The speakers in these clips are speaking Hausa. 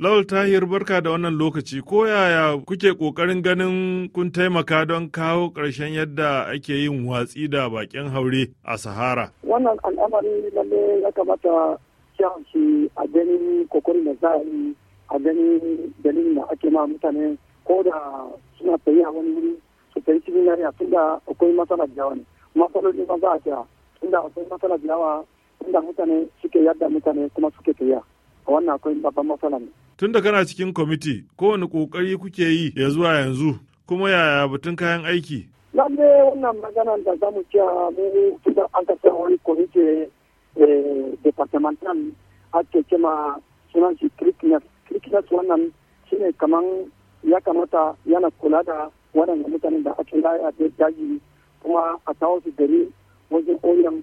Lawal Tahir barka da wannan lokaci ko yaya kuke ƙoƙarin ganin kun taimaka don kawo karshen yadda ake yin watsi da bakin haure a Sahara. Wannan al'amari lalle ya kamata shi a ganin kokarin da za a yi a ganin dalilin da ake ma mutane ko da suna tsaye a wani wuri su tsaye cikin a tunda akwai matsala da yawa ne matsaloli ma za a kira tunda akwai matsala da yawa tunda mutane suke yadda mutane kuma suke tsaye a wannan akwai babban matsala ne. tun da kana cikin kwamiti, kowane kokari kuke yi ya zuwa yanzu, kuma yaya batun kayan aiki? Lalle wannan maganar da zamu ce ah, mu tunda an kasar wani kwamiti eh, departamental ake kima sunan shi Kirknet. wannan shine kaman ya kamata yana kula da waɗanda mutanen da ake layi a daji kuma a kawo su gari wajen koyon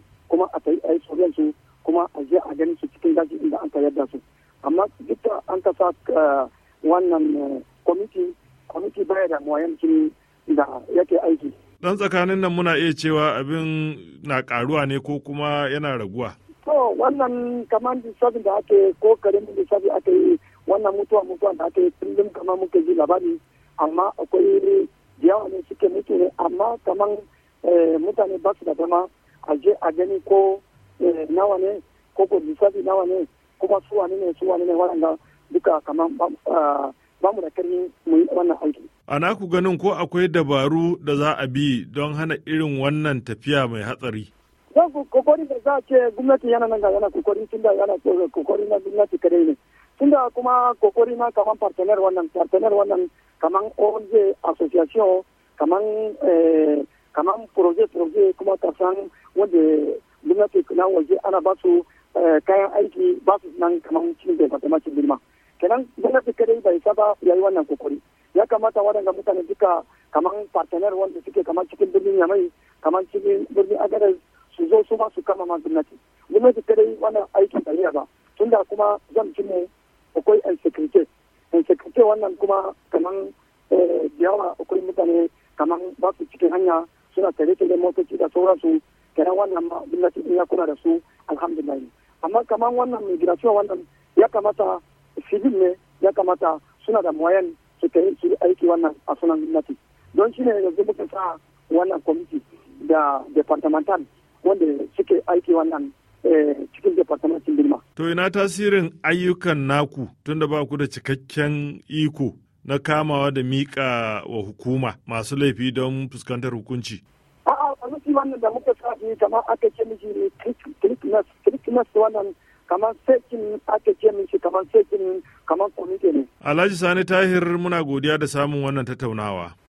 kafa wannan kwamiti kwamiti baya da muwayyancin da yake aiki dan tsakanin nan muna iya cewa abin na karuwa ne ko kuma yana raguwa to wannan kamar lissafin da ake ko karin sabi ake wannan mutuwa mutuwa da ake yi kullum kamar muke ji labari amma akwai yawa ne suke mutu ne amma kamar eh, mutane ba su da dama a je a gani ko eh, nawa ne ko ko lissafi nawa ne kuma su wani ne su wani ne waɗanda duka kamar ba mu da karni mu yi wannan aiki. A ku ganin ko akwai dabaru da za a bi don hana irin wannan tafiya mai hatsari? Zan kokori da za a ce gwamnati yana nan ga yana kokori tun da yana kokori na gwamnati kare ne. Tun da kuma kokori na kamar partener wannan partenaire wannan kamar ONG association kamar eh, kamar proje proje kuma kasan wanda gwamnati na waje ana ba su eh, kayan aiki ba su nan kamar cikin da fatamacin girma. kenan gwamnati kadai bai saba ya yi wannan kukuri ya kamata waɗanda mutane duka kamar partner wanda suke kamar cikin birnin yamai kamar cikin birnin agadar su zo su ma su kama ma gwamnati gwamnati kadai wannan aikin da ba tun da kuma zan ci ne akwai insecurity insecurity wannan kuma kamar eh, da yawa akwai mutane kamar ba su cikin hanya suna tare tare motoci da sauransu kenan wannan ma gwamnati ya kula da su alhamdulillah amma kamar wannan migration wannan ya kamata civil ne ya kamata suna da moyen su ta yi aiki wannan a sunan gwamnati don shi ne yanzu muka sa wannan kwamiti da departamental wanda suke aiki wannan eh, cikin departamentin birma. To ina tasirin ayyukan naku tunda ba ku da cikakken iko na kamawa da miƙa wa hukuma masu laifi don fuskantar hukunci. A'a, a wannan da muka sa kamar aka ce miji ne Christmas wannan kamar sekin ake ce min shi kamar sekin kamar komite ne. Alhaji Sani Tahir muna godiya da samun wannan tattaunawa.